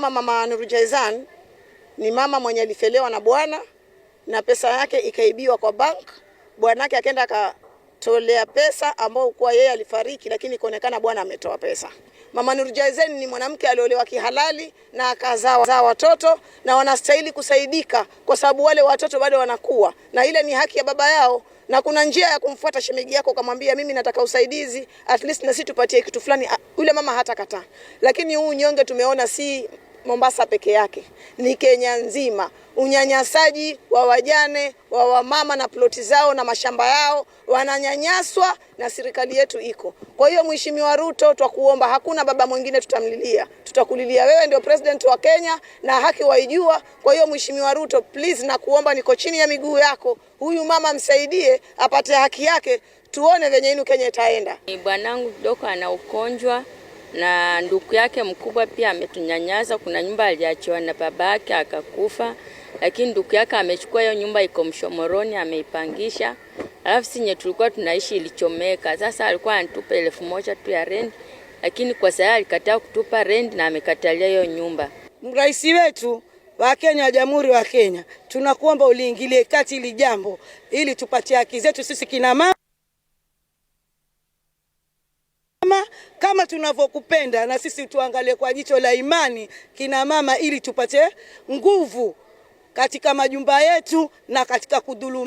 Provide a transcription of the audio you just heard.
kama mama Nurujaizan ni mama mwenye alifelewa na bwana na pesa yake ikaibiwa kwa bank. Bwanake akaenda akatolea pesa ambao kwa yeye alifariki, lakini ikaonekana bwana ametoa pesa. Mama Nurujaizan ni mwanamke aliolewa kihalali na akazaa watoto na wanastahili kusaidika, kwa sababu wale watoto bado wanakuwa na ile ni haki ya baba yao na kuna njia ya kumfuata shemeji yako ukamwambia, mimi nataka usaidizi, at least na sisi tupatie kitu fulani. Yule mama hata kataa, lakini huu nyonge tumeona si Mombasa peke yake, ni Kenya nzima. Unyanyasaji wa wajane wa wamama na ploti zao na mashamba yao, wananyanyaswa na serikali yetu iko. Kwa hiyo Mheshimiwa Ruto, twakuomba, hakuna baba mwingine tutamlilia, tutakulilia wewe, ndio president wa Kenya na haki waijua. Kwa hiyo Mheshimiwa Ruto, please, nakuomba, niko chini ya miguu yako, huyu mama msaidie apate haki yake, tuone venye inu Kenya itaenda. Bwanangu Doko ana ugonjwa na ndugu yake mkubwa pia ametunyanyasa. Kuna nyumba aliachiwa na babake akakufa, lakini ndugu yake amechukua hiyo nyumba, iko Mshomoroni, ameipangisha. Alafu sinye tulikuwa tunaishi ilichomeka. Sasa alikuwa anatupa elfu moja tu ya rent, lakini kwa sasa alikataa kutupa rent na amekatalia hiyo nyumba. Rais wetu wa Kenya wa Jamhuri wa Kenya, tunakuomba uliingilie kati hili jambo ili tupatie haki zetu sisi kina mama. tunavyokupenda na sisi tuangalie kwa jicho la imani kina mama, ili tupate nguvu katika majumba yetu na katika kudhulumu